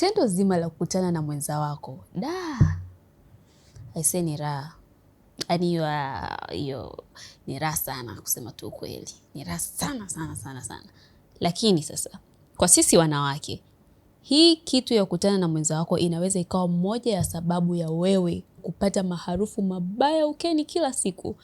Tendo zima la kukutana na mwenza wako da, aisee, ni raha ani hiyo ni raha sana, kusema tu ukweli, ni raha sana sana sana sana. Lakini sasa kwa sisi wanawake, hii kitu ya kukutana na mwenza wako inaweza ikawa moja ya sababu ya wewe kupata maharufu mabaya ukeni kila siku,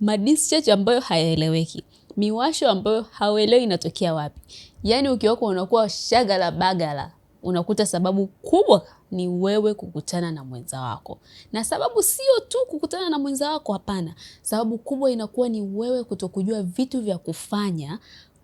madischarge ambayo hayaeleweki, miwasho ambayo hauelewi inatokea wapi. Yaani ukiwako unakuwa shagala bagala unakuta sababu kubwa ni wewe kukutana na mwenza wako, na sababu sio tu kukutana na mwenza wako, hapana. Sababu kubwa inakuwa ni wewe kutokujua vitu vya kufanya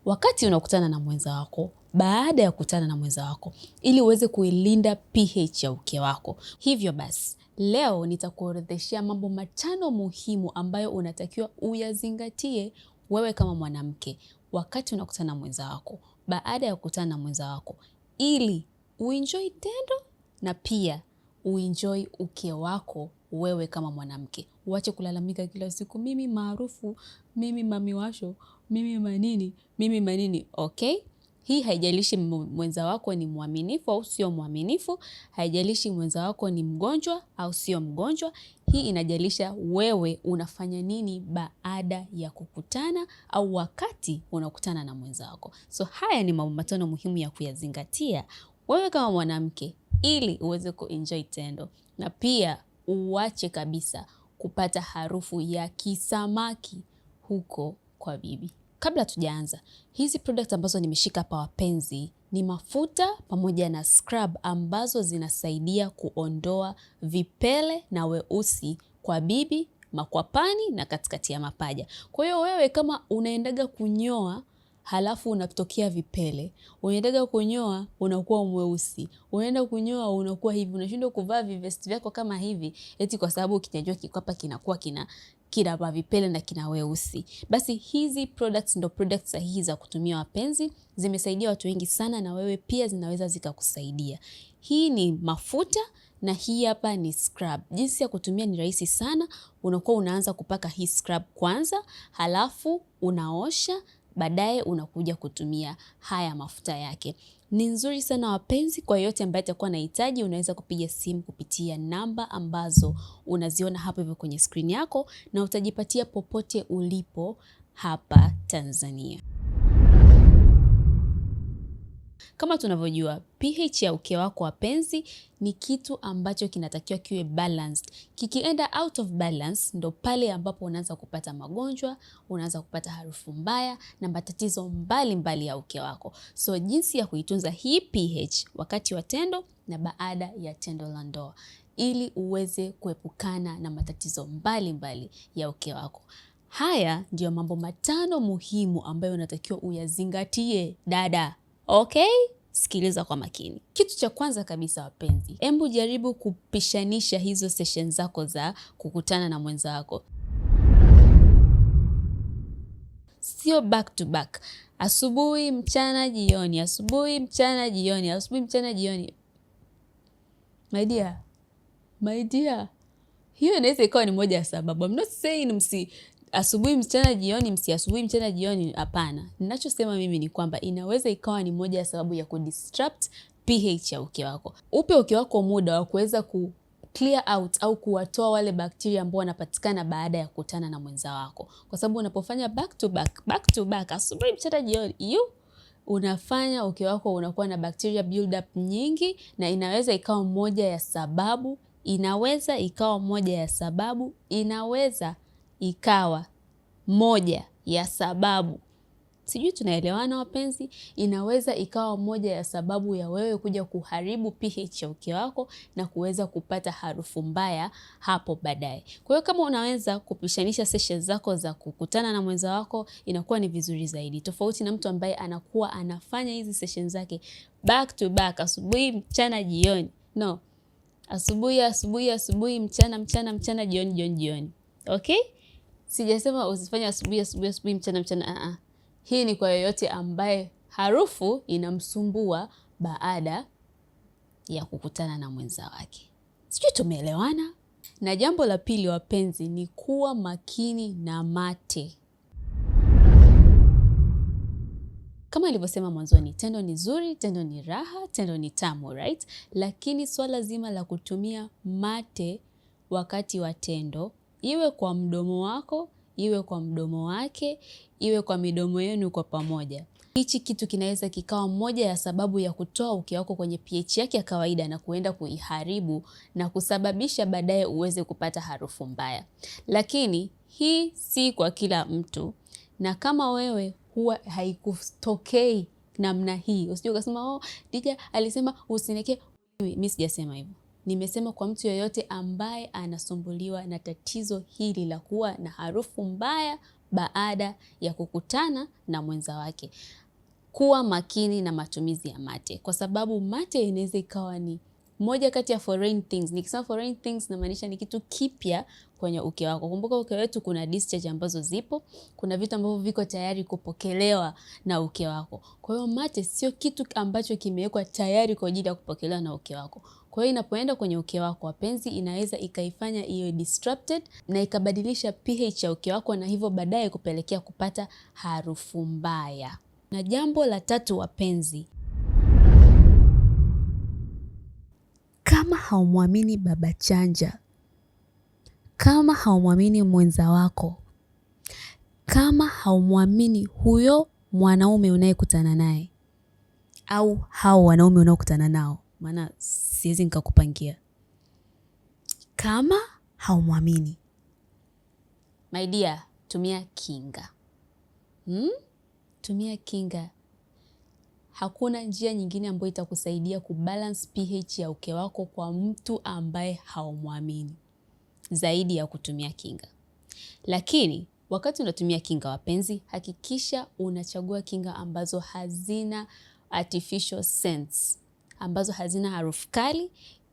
wakati unakutana na mwenza wako, baada ya kukutana na mwenza wako, ili uweze kuilinda pH ya uke wako. Hivyo basi leo nitakuorodheshea mambo matano muhimu ambayo unatakiwa uyazingatie wewe kama mwanamke wakati unakutana na mwenza wako, baada ya kukutana na mwenza wako ili uenjoy tendo na pia uenjoy uke wako wewe kama mwanamke, uache kulalamika kila siku, mimi maarufu, mimi mamiwasho, mimi manini, mimi manini. Okay, hii haijalishi mwenza wako ni mwaminifu au sio mwaminifu, haijalishi mwenza wako ni mgonjwa au sio mgonjwa. Hii inajalisha wewe unafanya nini baada ya kukutana au wakati unakutana na mwenza wako. So haya ni mambo matano muhimu ya kuyazingatia wewe kama mwanamke, ili uweze kuenjoy tendo na pia uwache kabisa kupata harufu ya kisamaki huko kwa bibi. Kabla tujaanza, hizi product ambazo nimeshika hapa wapenzi, ni mafuta pamoja na scrub ambazo zinasaidia kuondoa vipele na weusi kwa bibi, makwapani na katikati ya mapaja. Kwa hiyo wewe kama unaendaga kunyoa halafu unatokea vipele. Unaendaga kunyoa unakuwa mweusi, unaenda kunyoa unakuwa hivi, unashindwa kuvaa vivesti vyako kama hivi, eti kwa sababu ukinyanyua kikwapa kinakuwa kina kina vipele na kina weusi. Basi hizi products ndo products sahihi za kutumia wapenzi, zimesaidia watu wengi sana, na wewe pia zinaweza zikakusaidia. Hii ni mafuta na hii hapa ni scrub. Jinsi ya kutumia ni rahisi sana. Unakuwa unaanza kupaka hii scrub kwanza, halafu unaosha baadaye unakuja kutumia haya mafuta yake. Ni nzuri sana wapenzi. Kwa yote ambaye atakuwa anahitaji, unaweza kupiga simu kupitia namba ambazo unaziona hapo hivyo kwenye skrini yako, na utajipatia popote ulipo hapa Tanzania. Kama tunavyojua pH ya uke wako wa penzi ni kitu ambacho kinatakiwa kiwe balanced. Kikienda out of balance, ndo pale ambapo unaanza kupata magonjwa, unaanza kupata harufu mbaya na matatizo mbalimbali ya uke wako. So jinsi ya kuitunza hii pH wakati wa tendo na baada ya tendo la ndoa ili uweze kuepukana na matatizo mbalimbali mbali ya uke wako. Haya ndiyo mambo matano muhimu ambayo unatakiwa uyazingatie dada. Okay? Sikiliza kwa makini. Kitu cha kwanza kabisa, wapenzi, hebu jaribu kupishanisha hizo session zako za kukutana na mwenza wako, sio back to back, asubuhi mchana jioni, asubuhi mchana jioni, asubuhi mchana jioni. My dear, my dear, hiyo inaweza ikawa ni moja ya sababu. I'm not saying msi asubuhi mchana jioni msi asubuhi mchana jioni hapana ninachosema mimi ni kwamba inaweza ikawa ni moja ya sababu ya kudistract ph ya uke wako upe uke wako muda wa kuweza ku clear out au kuwatoa wale bakteria ambao wanapatikana baada ya kukutana na mwenza wako kwa sababu unapofanya back to back, back to back asubuhi mchana jioni you unafanya uke wako unakuwa na bacteria build up nyingi na inaweza ikawa moja ya sababu inaweza ikawa moja ya sababu inaweza ikawa moja ya sababu sijui tunaelewana wapenzi, inaweza ikawa moja ya sababu ya wewe kuja kuharibu pH ya uke wako na kuweza kupata harufu mbaya hapo baadaye. Kwa hiyo kama unaweza kupishanisha sessions zako za kukutana na mwenza wako, inakuwa ni vizuri zaidi, tofauti na mtu ambaye anakuwa anafanya hizi sessions zake back to back, asubuhi, mchana, jioni. No, asubuhi, asubuhi, asubuhi, mchana, mchana, mchana, jioni, jioni, jioni. Okay. Sijasema usifanye asubuhi asubuhi asubuhi, mchana mchana, a ah, a, ah. hii ni kwa yoyote ambaye harufu inamsumbua baada ya kukutana na mwenza wake. Sijui tumeelewana. Na jambo la pili, wapenzi, ni kuwa makini na mate. Kama ilivyosema mwanzoni, tendo ni zuri, tendo ni raha, tendo ni tamu right? Lakini swala zima la kutumia mate wakati wa tendo iwe kwa mdomo wako, iwe kwa mdomo wake, iwe kwa midomo yenu kwa pamoja. Hichi kitu kinaweza kikawa moja ya sababu ya kutoa uke wako kwenye pH yake ya kawaida na kuenda kuiharibu na kusababisha baadaye uweze kupata harufu mbaya, lakini hii si kwa kila mtu, na kama wewe huwa haikutokei namna hii, usije ukasema oh, Dija alisema usinekee. Mimi sijasema hivyo. Nimesema kwa mtu yoyote ambaye anasumbuliwa na tatizo hili la kuwa na harufu mbaya baada ya kukutana na mwenza wake. Kuwa makini na matumizi ya mate, kwa sababu mate inaweza ikawa ni moja kati ya foreign things. Nikisema foreign things namaanisha ni kitu kipya kwenye uke wako. Kumbuka uke wetu kuna discharge ambazo zipo, kuna vitu ambavyo viko tayari kupokelewa na uke wako. Kwa hiyo mate sio kitu ambacho kimewekwa tayari kwa ajili ya kupokelewa na uke wako. Kwa hiyo inapoenda kwenye uke wako, wapenzi, inaweza ikaifanya iwe disrupted na ikabadilisha pH ya uke wako, na hivyo baadaye kupelekea kupata harufu mbaya. Na jambo la tatu, wapenzi kama haumwamini baba chanja, kama haumwamini mwenza wako, kama haumwamini huyo mwanaume unayekutana naye au hao wanaume unaokutana nao, maana siwezi nikakupangia. Kama haumwamini maidia tumia kinga hmm? Tumia kinga. Hakuna njia nyingine ambayo itakusaidia kubalance pH ya uke wako kwa mtu ambaye haumwamini zaidi ya kutumia kinga. Lakini wakati unatumia kinga, wapenzi, hakikisha unachagua kinga ambazo hazina artificial scents, ambazo hazina harufu kali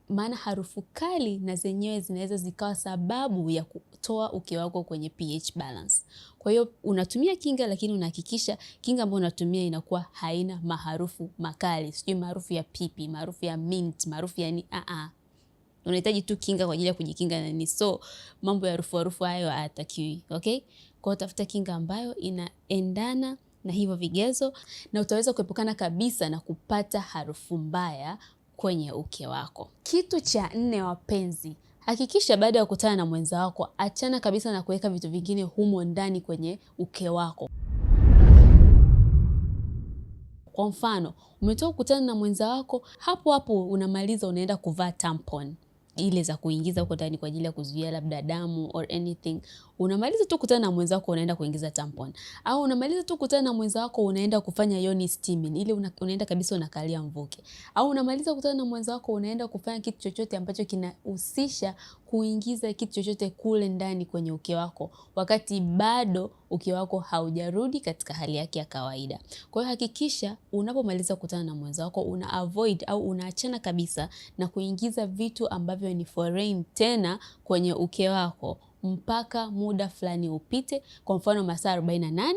maana harufu kali na zenyewe zinaweza zikawa sababu ya kutoa uke wako kwenye pH balance. Kwa hiyo unatumia kinga, lakini unahakikisha kinga ambayo unatumia inakuwa haina maharufu makali, sijui maarufu ya pipi, maarufu ya mint, maarufu ya ni a a, unahitaji tu kinga kwa ajili ya kujikinga na nini. So mambo ya harufu harufu hayo hayatakiwi, okay? Kwa hiyo tafuta kinga ambayo inaendana na hivyo vigezo na utaweza kuepukana kabisa na kupata harufu mbaya kwenye uke wako. Kitu cha nne, wapenzi, hakikisha baada ya kukutana na mwenza wako, achana kabisa na kuweka vitu vingine humo ndani kwenye uke wako. Kwa mfano, umetoka kukutana na mwenza wako, hapo hapo unamaliza unaenda kuvaa tampon ile za kuingiza huko ndani kwa ajili ya kuzuia labda damu or anything unamaliza tu kutana na mwenza wako unaenda kuingiza tampon, au unamaliza tu kutana na mwenza wako unaenda kufanya yoni steaming, ile una, unaenda kabisa unakalia mvuke, au unamaliza kutana na mwenza wako unaenda kufanya kitu chochote ambacho kinahusisha kuingiza kitu chochote kule ndani kwenye uke wako, wakati bado uke wako haujarudi katika hali yake ya kawaida. Kwa hiyo hakikisha unapomaliza kutana na mwenza wako una avoid au unaachana kabisa na kuingiza vitu ambavyo ni foreign tena kwenye uke wako mpaka muda fulani upite, kwa mfano masaa 48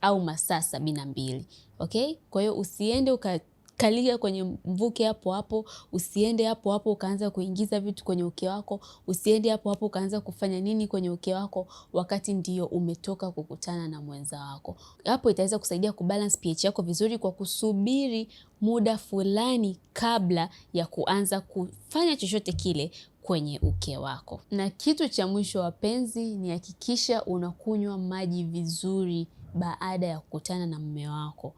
au masaa 72. Okay? Kwa hiyo usiende uka kalia kwenye mvuke hapo hapo, usiende hapo hapo ukaanza kuingiza vitu kwenye uke wako, usiende hapo hapo ukaanza kufanya nini kwenye uke wako, wakati ndio umetoka kukutana na mwenza wako. Hapo itaweza kusaidia kubalance pH yako vizuri, kwa kusubiri muda fulani kabla ya kuanza kufanya chochote kile kwenye uke wako. Na kitu cha mwisho wapenzi, ni hakikisha unakunywa maji vizuri baada ya kukutana na mume wako,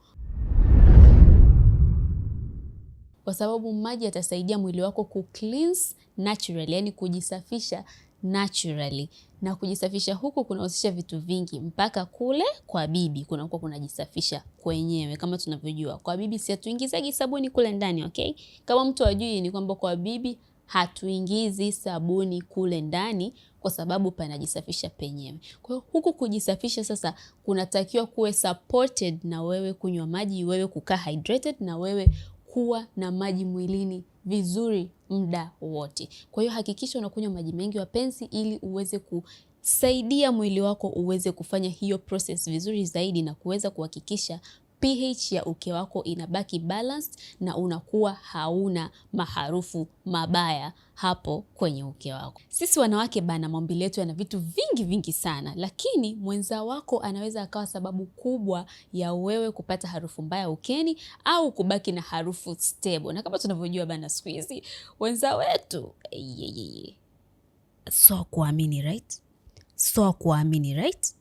kwa sababu maji yatasaidia mwili wako ku cleanse naturally, yani kujisafisha naturally na kujisafisha huku kunahusisha vitu vingi, mpaka kule kwa bibi kunakuwa kunajisafisha kwenyewe. Kama tunavyojua kwa bibi si hatuingizagi sabuni kule ndani, okay? Kama mtu ajui ni kwamba kwa bibi hatuingizi sabuni kule ndani kwa sababu panajisafisha penyewe. Kwa hiyo huku kujisafisha sasa kunatakiwa kuwe supported na wewe kunywa maji, wewe kukaa hydrated, na wewe kuwa na maji mwilini vizuri muda wote. Kwa hiyo hakikisha unakunywa maji mengi wapenzi, ili uweze kusaidia mwili wako uweze kufanya hiyo process vizuri zaidi na kuweza kuhakikisha pH ya uke wako inabaki balanced na unakuwa hauna maharufu mabaya hapo kwenye uke wako. Sisi wanawake bana, maumbile yetu yana vitu vingi vingi sana, lakini mwenza wako anaweza akawa sababu kubwa ya wewe kupata harufu mbaya ukeni au kubaki na harufu stable. Na kama tunavyojua bana, siku hizi wenza wetu so kuamini right, so kuamini right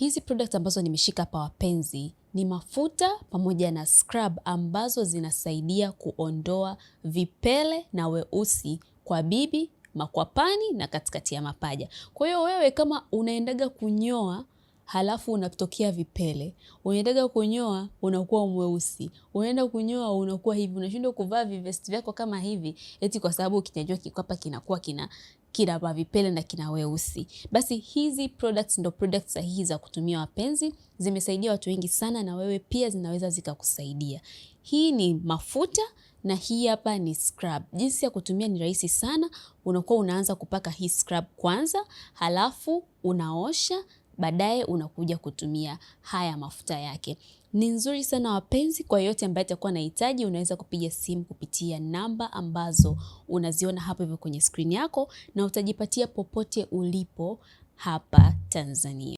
Hizi product ambazo nimeshika hapa wapenzi, ni mafuta pamoja na scrub ambazo zinasaidia kuondoa vipele na weusi kwa bibi, makwapani na katikati ya mapaja. Kwa hiyo wewe kama unaendaga kunyoa halafu unatokea vipele, unaendaga kunyoa unakuwa mweusi, unaenda kunyoa unakuwa hivi, unashindwa kuvaa vivesti vyako kama hivi, eti kwa sababu kinyanyoa kikwapa kinakuwa kina kina mavipele na kina weusi. Basi hizi products ndo products sahihi za kutumia wapenzi, zimesaidia watu wengi sana, na wewe pia zinaweza zikakusaidia. Hii ni mafuta na hii hapa ni scrub. Jinsi ya kutumia ni rahisi sana. Unakuwa unaanza kupaka hii scrub kwanza, halafu unaosha baadaye unakuja kutumia haya mafuta yake. Ni nzuri sana wapenzi. Kwa yote ambaye atakuwa anahitaji, unaweza kupiga simu kupitia namba ambazo unaziona hapo hivyo kwenye skrini yako, na utajipatia popote ulipo hapa Tanzania.